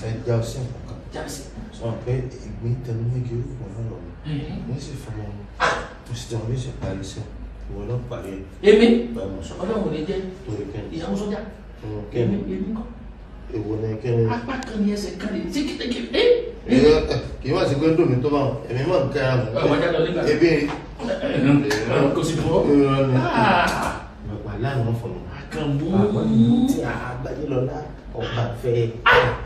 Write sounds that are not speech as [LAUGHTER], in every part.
ṣe ń já sí nǹkan kan sọ pé ìgbín tẹnu méjì orúkọ náà lọ wọn sì fọmọ mo sì jẹun ní ìṣèparí iṣẹ́ ìwọ náà parí ẹ. èmi ọlọ́run ò ní jẹ́ ìyàwó sọ́jà èmi èmi kọ́. èwo ni kẹ́ni. apá kan ni ẹsẹ̀ kan ní kékeré. kì í wá sí pé dùn mí tó bá wọn èmi máa ń kẹ́ra mọ́. ọmọ jáde ọdún kan. ebi kò sí fún ọ. Ah. bàbá aláàánú fọlọ. àkànbó àgbáyé lọlá ọba fẹ. Ah.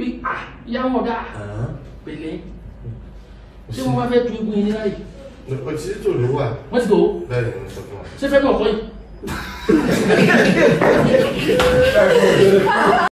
pé ah, ìyá wọn ọ̀gá pẹ̀lẹ́ ṣé wọ́n bá fẹ́ tu igun yìí ní láyè. o ti tò ló wà. wọ́n ti tò ṣé fẹ́ mọ̀ kọ́ yìí. [LAUGHS]